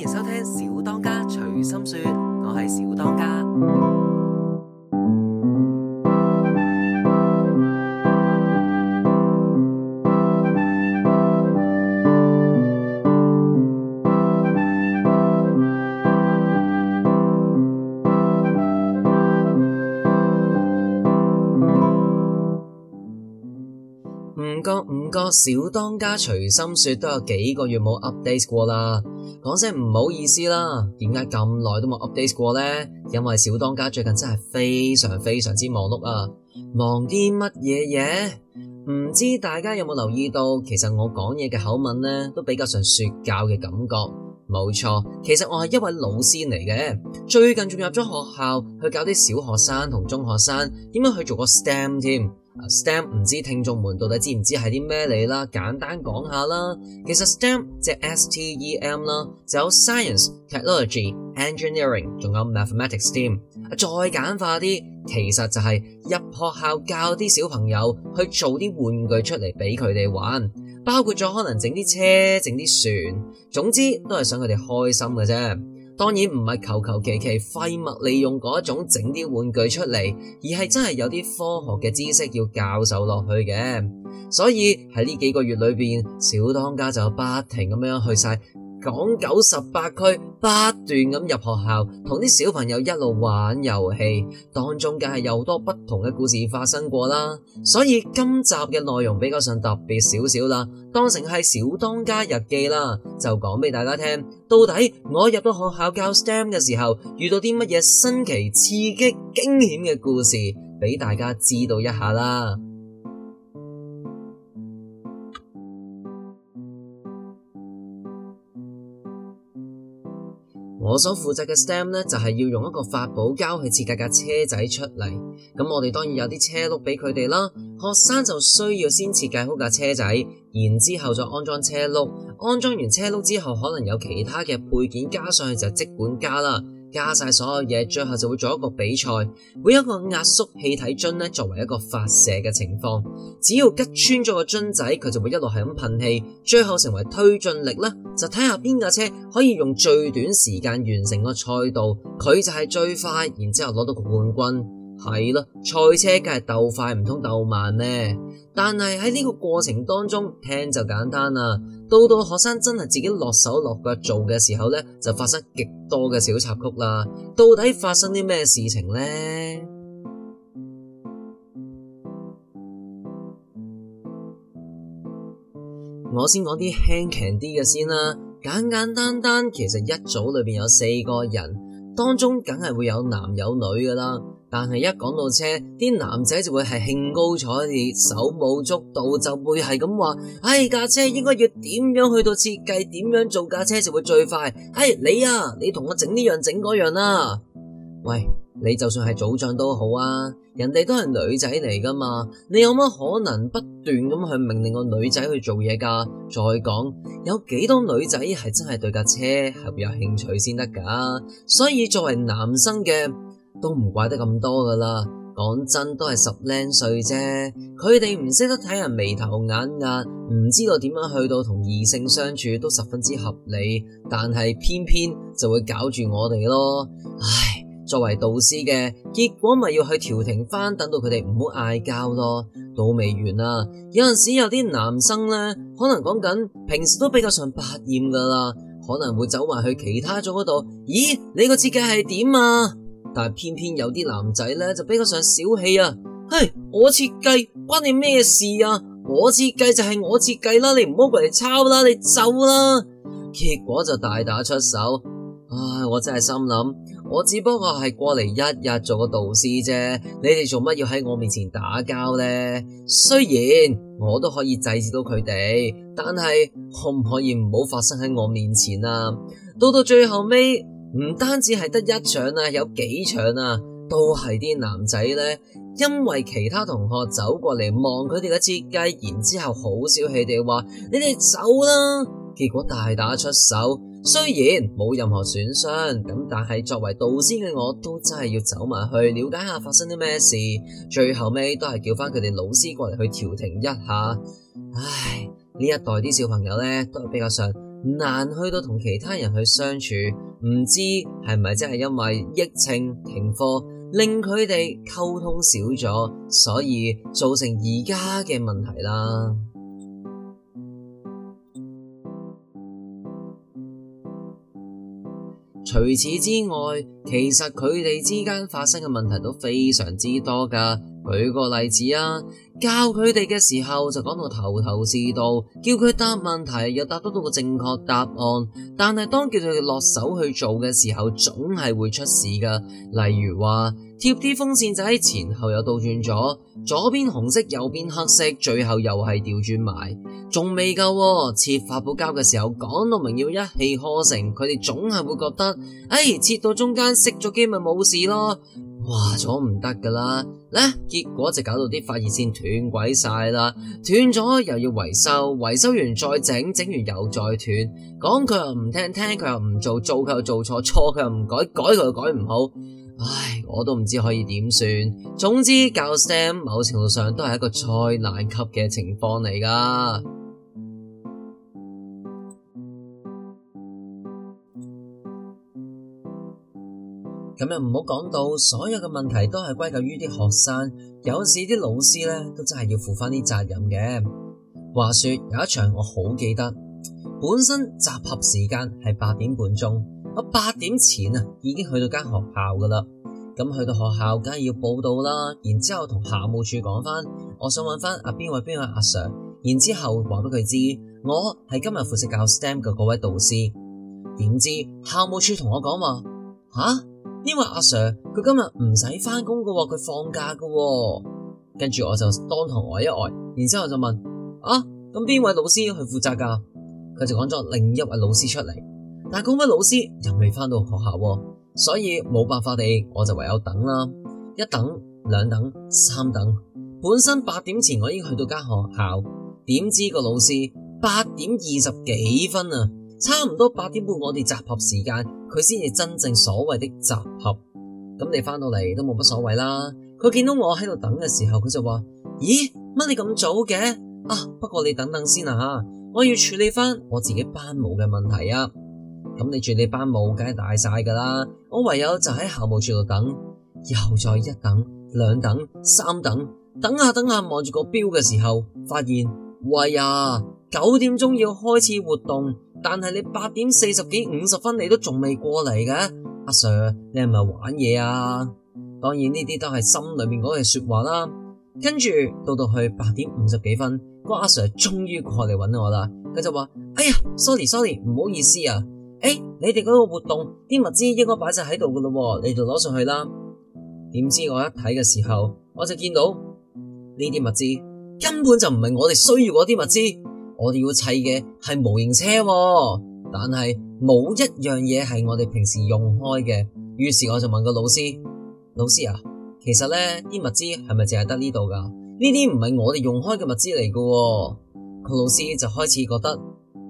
歡迎收聽《小當家隨心說》，我係小當家。小當家隨心說都有幾個月冇 update 過啦，講聲唔好意思啦。點解咁耐都冇 update 過呢？因為小當家最近真係非常非常之忙碌啊，忙啲乜嘢嘢？唔知大家有冇留意到，其實我講嘢嘅口吻呢，都比較上說教嘅感覺。冇錯，其實我係一位老師嚟嘅，最近仲入咗學校去教啲小學生同中學生點樣去做個 ST、uh, STEM 添。STEM 唔知聽眾們到底知唔知係啲咩嚟啦？簡單講下啦，其實 STEM 即 STEM 啦，就有 science、technology、engineering，仲有 mathematics team。再簡化啲，其實就係入學校教啲小朋友去做啲玩具出嚟俾佢哋玩。包括咗可能整啲車、整啲船，總之都係想佢哋開心嘅啫。當然唔係求求其其廢物利用嗰一種整啲玩具出嚟，而係真係有啲科學嘅知識要教授落去嘅。所以喺呢幾個月裏面，小當家就不停咁樣去晒。港九十八區不斷咁入學校，同啲小朋友一路玩遊戲，當中梗係有多不同嘅故事發生過啦。所以今集嘅內容比較上特別少少啦，當成係小當家日記啦，就講俾大家聽。到底我入到學校教 STEM 嘅時候，遇到啲乜嘢新奇、刺激、驚險嘅故事，俾大家知道一下啦。我所負責嘅 STEM 咧，就係要用一個發泡膠去設計架車仔出嚟。咁我哋當然有啲車轆俾佢哋啦。學生就需要先設計好架車仔，然之後再安裝車轆。安裝完車轆之後，可能有其他嘅配件加上去就即管加啦。加晒所有嘢，最後就會做一個比賽，每一個壓縮氣體樽呢，作為一個發射嘅情況，只要吉穿咗個樽仔，佢就會一路係咁噴氣，最後成為推進力呢，就睇下邊架車可以用最短時間完成個賽道，佢就係最快，然之後攞到個冠軍。係咯，賽車梗係鬥快唔通鬥慢呢？但係喺呢個過程當中聽就簡單啦。到到學生真係自己落手落腳做嘅時候呢，就發生極多嘅小插曲啦。到底發生啲咩事情呢？ 我先講啲輕鬆啲嘅先啦。簡簡單單，其實一組裏邊有四個人，當中梗係會有男有女噶啦。但係一講到車，啲男仔就會係興高采烈，手舞足蹈，就會係咁話：哎，架車應該要點樣去到設計，點樣做架車就會最快。哎，你啊，你同我整呢樣整嗰樣啊。喂，你就算係組長都好啊，人哋都係女仔嚟噶嘛，你有乜可能不斷咁去命令個女仔去做嘢噶？再講，有幾多女仔係真係對架車係有興趣先得噶？所以作為男生嘅。都唔怪得咁多噶啦。講真，都係十零歲啫。佢哋唔識得睇人眉頭眼額，唔知道點樣去到同異性相處都十分之合理，但係偏偏就會搞住我哋咯。唉，作為導師嘅結果咪要去調停返，等到佢哋唔好嗌交咯。都未完啦、啊，有陣時有啲男生呢，可能講緊平時都比較上百厭噶啦，可能會走埋去其他組度。咦，你個設計係點啊？但係偏偏有啲男仔咧就比較上小氣啊！嘿，我設計關你咩事啊？我設計就係我設計啦，你唔好過嚟抄啦，你走啦！結果就大打出手。唉，我真係心諗，我只不過係過嚟一日做個導師啫，你哋做乜要喺我面前打交呢？雖然我都可以制止到佢哋，但係可唔可以唔好發生喺我面前啊？到到最後尾。唔單止係得一場啊，有幾場啊，都係啲男仔呢。因為其他同學走過嚟望佢哋嘅設計，然之後好小氣地話：你哋走啦！結果大打出手，雖然冇任何損傷，咁但係作為導師嘅我都真係要走埋去了解下發生啲咩事。最後尾都係叫翻佢哋老師過嚟去調停一下。唉，呢一代啲小朋友呢，都係比較上，難去到同其他人去相處，唔知係咪真係因為疫情停課，令佢哋溝通少咗，所以造成而家嘅問題啦。 除此之外，其實佢哋之間發生嘅問題都非常之多㗎。舉個例子啊，教佢哋嘅時候就講到頭頭是道，叫佢答問題又答得到個正確答案，但係當叫佢哋落手去做嘅時候，總係會出事噶。例如話貼啲風扇仔前後又倒轉咗，左邊紅色，右邊黑色，最後又係調轉埋，仲未夠喎。切發泡膠嘅時候講到明要一氣呵成，佢哋總係會覺得，哎，切到中間熄咗機咪冇事咯。話咗唔得㗎啦。呢結果就搞到啲發熱線斷鬼晒啦，斷咗又要維修，維修完再整，整完又再斷，講佢又唔聽，聽佢又唔做，做佢又做錯，錯佢又唔改，改佢又改唔好，唉，我都唔知可以點算，總之教 STEM 某程度上都係一個災難級嘅情況嚟㗎。咁又唔好講到，所有嘅問題都係歸咎於啲學生，有時啲老師咧都真係要負翻啲責任嘅。話說有一場我好記得，本身集合時間係八點半鐘，我八點前啊已經去到間學校噶啦。咁去到學校梗係要報到啦，然之後同校務處講翻，我想揾翻阿邊位邊位阿 sir，然之後話俾佢知我係今日負責教 STEM 嘅嗰位導師。點知校務處同我講話吓？啊因為阿 Sir 佢今日唔使翻工噶，佢放假噶。哦。跟住我就當堂呆一呆，然之後我就問：啊，咁邊位老師要去負責噶？佢就講咗另一位老師出嚟，但係嗰位老師又未翻到學校，啊，所以冇辦法地，我就唯有等啦。一等、兩等、三等，本身八點前我已經去到間學校，點知個老師八點二十幾分啊，差唔多八點半我哋集合時間。佢先至真正所謂的集合，咁你翻到嚟都冇乜所謂啦。佢見到我喺度等嘅時候，佢就話：咦，乜你咁早嘅？啊，不過你等等先啊，我要處理翻我自己班務嘅問題啊。咁你處理班務梗係大晒噶啦，我唯有就喺校務處度等，又再一等、兩等、三等，等下等下望住個表嘅時候，發現喂啊，九點鐘要開始活動。但係你八點四十幾五十分你都仲未過嚟嘅，阿 sir 你係咪玩嘢啊？當然呢啲都係心裏面嗰句說話啦。跟住到到去八點五十幾分，個阿 sir 終於過嚟揾我啦。佢就話：，哎呀，sorry sorry，唔好意思啊。誒、欸，你哋嗰個活動啲物資應該擺晒喺度噶咯，你就攞上去啦。點知我一睇嘅時候，我就見到呢啲物資根本就唔係我哋需要嗰啲物資。我哋要砌嘅係模型車、哦，但係冇一樣嘢係我哋平時用開嘅。於是我就問個老師，老師啊，其實咧啲物資係咪淨係得呢度噶？呢啲唔係我哋用開嘅物資嚟噶。個老師就開始覺得，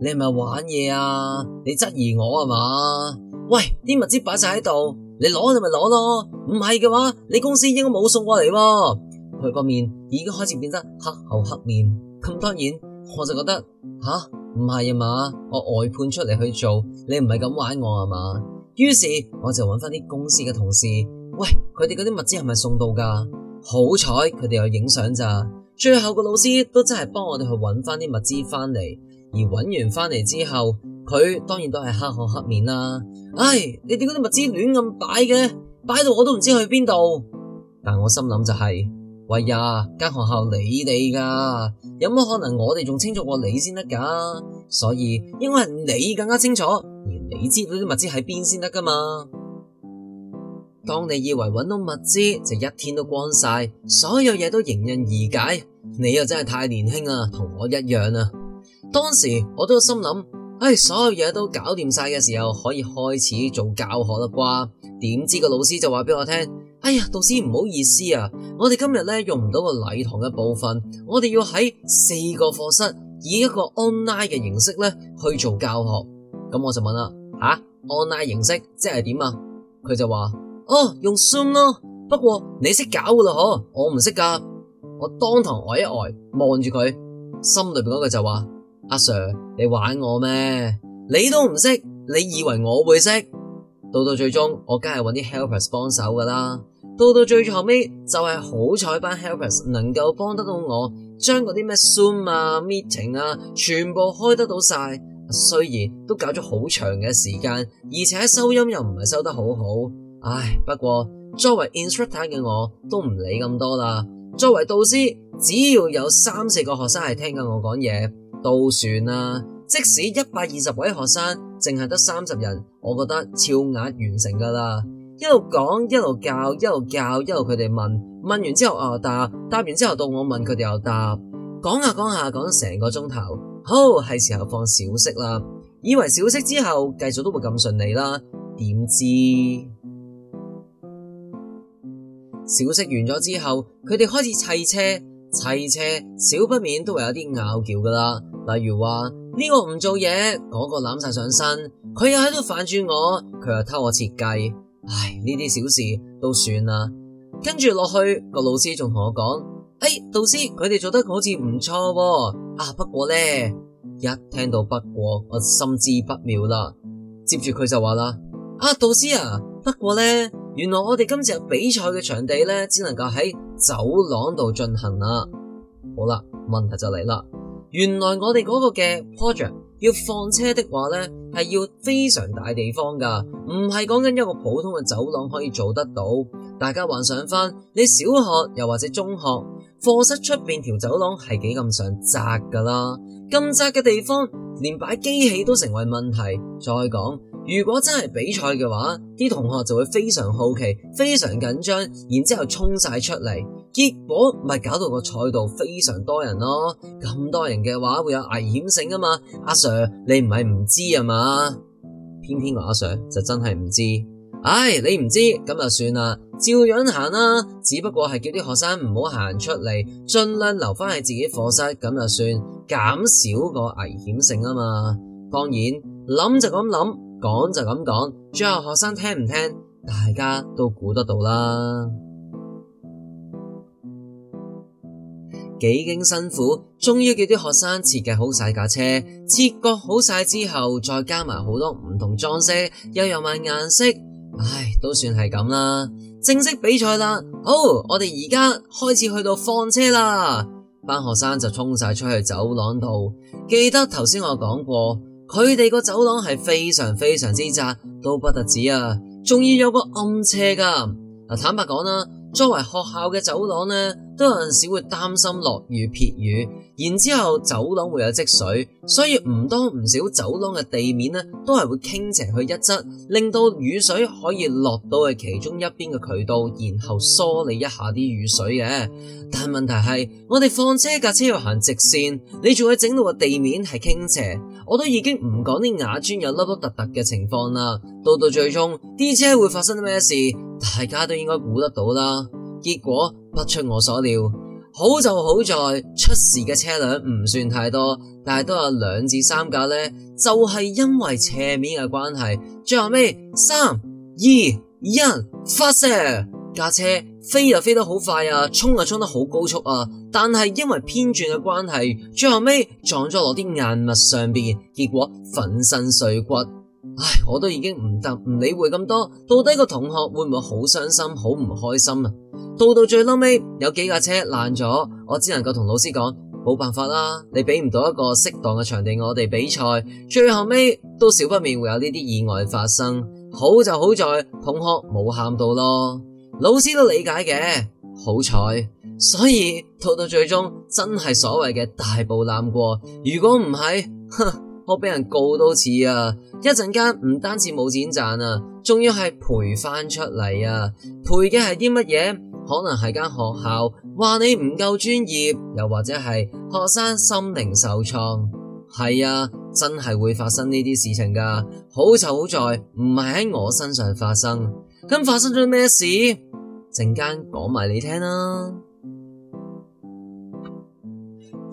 你係咪玩嘢啊？你質疑我啊嘛？喂，啲物資擺晒喺度，你攞你咪攞咯。唔係嘅話，你公司應該冇送過嚟、哦。佢個面已經開始變得黑口黑面咁，當然。我就覺得吓，唔係啊嘛，我外判出嚟去做，你唔係咁玩我啊嘛？於是我就揾翻啲公司嘅同事，喂，佢哋嗰啲物資係咪送到噶？好彩佢哋有影相咋，最後個老師都真係幫我哋去揾翻啲物資翻嚟，而揾完翻嚟之後，佢當然都係黑口黑面啦。唉，你哋嗰啲物資亂咁擺嘅？擺到我都唔知去邊度。但我心諗就係、是。喂呀，間學校你哋噶，有乜可能我哋仲清楚過你先得噶？所以應該係你更加清楚，而你知道啲物資喺邊先得噶嘛？當你以為揾到物資就一天都光晒，所有嘢都迎刃而解，你又真係太年輕啊，同我一樣啊！當時我都心諗，唉、哎，所有嘢都搞掂晒嘅時候，可以開始做教學啦啩？點知個老師就話畀我聽。.哎呀，導師唔好意思啊，我哋今日咧用唔到個禮堂嘅部分，我哋要喺四個課室以一個 online 嘅形式咧去做教學。咁、嗯、我就問啦，吓、啊、online 形式即係點啊？佢就話：哦，用 Zoom 咯。不過你識搞噶咯，我唔識噶。我當堂呆一呆，望住佢，心裏邊嗰個就話：阿、啊、Sir，你玩我咩？你都唔識，你以為我會識？到到最終，我梗係搵啲 helpers 幫手噶啦。到到最後尾，就係好彩班 helpers 能夠幫得到我，將嗰啲咩 Zoom 啊、meeting 啊，全部開得到晒。雖然都搞咗好長嘅時間，而且收音又唔係收得好好。唉，不過作為 instructor 嘅我，都唔理咁多啦。作為導師，只要有三四個學生係聽緊我講嘢，都算啦。即使一百二十位學生。淨係得三十人，我覺得超額完成噶啦。一路講，一路教，一路教，一路佢哋問，問完之後我答答完之後，到我問佢哋又答，講下講下講成個鐘頭，好，係時候放小息啦。以為小息之後繼續都會咁順利啦，點知小息完咗之後，佢哋開始砌車砌車，少不免都會有啲拗撬噶啦，例如話。呢個唔做嘢，嗰個攬晒上身，佢又喺度煩住我，佢又偷我設計，唉，呢啲小事都算啦。跟住落去個老師仲同我講：，哎，導師佢哋做得好似唔錯喎，啊，不過呢，一聽到不過，我心知不妙啦。接住佢就話啦：，啊，導師啊，不過呢，原來我哋今日比賽嘅場地呢，只能夠喺走廊度進行啦。好啦，問題就嚟啦。原來我哋嗰個嘅 project 要放車的話呢係要非常大地方㗎，唔係講緊一個普通嘅走廊可以做得到。大家幻想返，你小學又或者中學課室出面條走廊係幾咁上窄㗎啦，咁窄嘅地方連擺機器都成為問題。再講。如果真係比賽嘅話，啲同學就會非常好奇、非常緊張，然之後衝晒出嚟，結果咪搞到個賽道非常多人咯。咁多人嘅話會有危險性啊嘛。阿 Sir，你唔係唔知啊嘛？偏偏話阿 Sir 就真係唔知。唉，你唔知咁就算啦，照樣行啦，啊。只不過係叫啲學生唔好行出嚟，盡量留翻喺自己課室咁就算，減少個危險性啊嘛。當然諗就咁諗。講就咁講，最後學生聽唔聽，大家都估得到啦。幾 經辛苦，終於叫啲學生設計好晒架車，切割好晒之後，再加埋好多唔同裝飾，又有埋顏色，唉，都算係咁啦。正式比賽啦，好，我哋而家開始去到放車啦，班學生就衝晒出去走廊度，記得頭先我講過。佢哋個走廊係非常非常之窄，都不得止啊！仲要有個暗斜㗎。坦白講啦，作為學校嘅走廊呢。都有陣時會擔心落雨撇雨，然之後走廊會有積水，所以唔多唔少走廊嘅地面呢都係會傾斜去一側，令到雨水可以落到去其中一邊嘅渠道，然後梳理一下啲雨水嘅。但係問題係，我哋放車架車要行直線，你仲會整到個地面係傾斜，我都已經唔講啲瓦磚有凹凹凸凸嘅情況啦。到到最終啲車會發生咩事，大家都應該估得到啦。結果不出我所料，好就好在出事嘅車輛唔算太多，但係都有兩至三架呢，就係、是、因為斜面嘅關係，最後尾三二一發射，架車飛就飛得好快啊，衝就衝得好高速啊，但係因為偏轉嘅關係，最後尾撞咗落啲硬物上邊，結果粉身碎骨。唉，我都已經唔得唔理會咁多，到底個同學會唔會好傷心、好唔開心啊？到到最嬲尾，有幾架車爛咗，我只能夠同老師講，冇辦法啦，你俾唔到一個適當嘅場地我哋比賽，最後尾都少不免會有呢啲意外發生。好就好在同學冇喊到咯，老師都理解嘅，好彩。所以到到最終真係所謂嘅大步檻過。如果唔係，哼。我俾人告多次啊！一陣間唔單止冇錢賺啊，仲要係賠翻出嚟啊！賠嘅係啲乜嘢？可能係間學校話你唔夠專業，又或者係學生心靈受創。係啊，真係會發生呢啲事情噶。好就好在唔係喺我身上發生。咁發生咗咩事？陣間講埋你聽啦。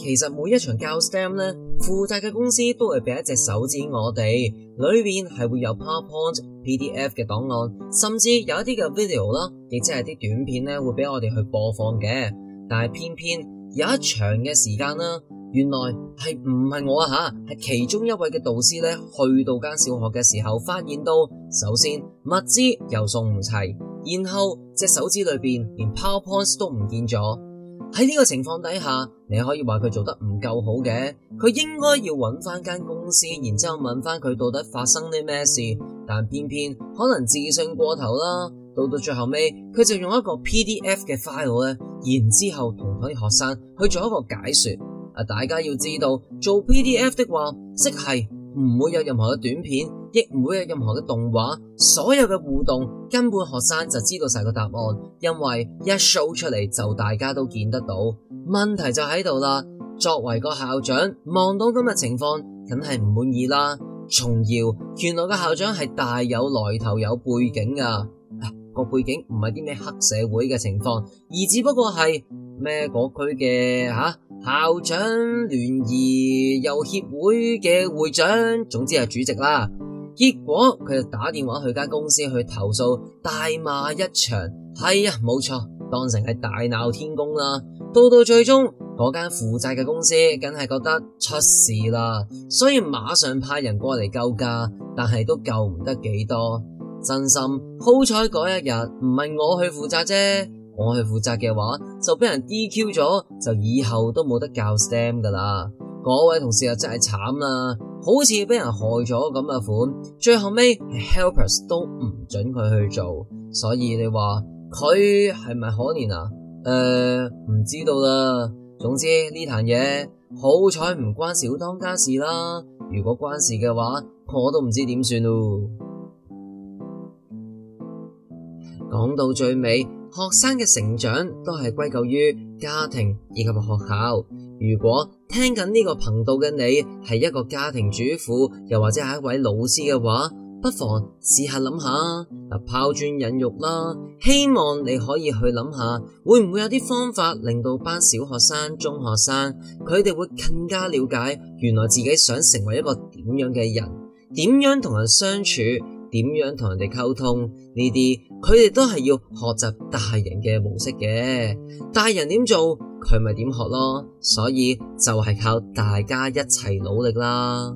其實每一場教 STEM 咧，負責嘅公司都會俾一隻手指我哋，裏邊係會有 PowerPoint、PDF 嘅檔案，甚至有一啲嘅 video 啦，亦即係啲短片咧，會俾我哋去播放嘅。但係偏偏有一場嘅時間啦，原來係唔係我啊吓，係其中一位嘅導師咧，去到間小學嘅時候，發現到首先物資又送唔齊，然後隻手指裏邊連 PowerPoints 都唔見咗。喺呢個情況底下，你可以話佢做得唔夠好嘅，佢應該要揾翻間公司，然之後問翻佢到底發生啲咩事。但偏偏可能自信過頭啦，到到最後尾，佢就用一個 PDF 嘅 file 咧，然之後同佢啲學生去做一個解說。啊，大家要知道做 PDF 的話，即係。唔會有任何嘅短片，亦唔會有任何嘅動畫，所有嘅互動根本學生就知道晒個答案，因為一 show 出嚟，就大家都見得到。問題就喺度啦，作為個校長，望到咁嘅情況，梗係唔滿意啦。重要，原來個校長係大有來頭有背景噶，個背景唔係啲咩黑社會嘅情況，而只不過係。咩？嗰區嘅吓校長聯誼又協會嘅會長，總之係主席啦。結果佢就打電話去間公司去投訴，大罵一場。係呀、啊，冇錯，當成係大鬧天宮啦。到到最終，嗰間負責嘅公司梗係覺得出事啦，所以馬上派人過嚟救駕，但係都救唔得幾多。真心好彩嗰一日唔係我去負責啫。我去負責嘅話就俾人 DQ 咗，就以後都冇得教 STEM 噶啦。嗰位同事又真係慘啦，好似俾人害咗咁嘅款，最後尾係 helpers 都唔准佢去做，所以你話佢係咪可憐啊？誒、呃，唔知道啦。總之呢壇嘢好彩唔關小當家事啦。如果關事嘅話，我都唔知點算咯。講到最尾，學生嘅成長都係歸咎於家庭以及學校。如果聽緊呢個頻道嘅你係一個家庭主婦，又或者係一位老師嘅話，不妨試下諗下，拋磚引玉啦。希望你可以去諗下，會唔會有啲方法令到班小學生、中學生，佢哋會更加了解，原來自己想成為一個點樣嘅人，點樣同人相處。點樣同人哋溝通呢啲，佢哋都係要學習大人嘅模式嘅，大人點做，佢咪點學咯，所以就係靠大家一齊努力啦。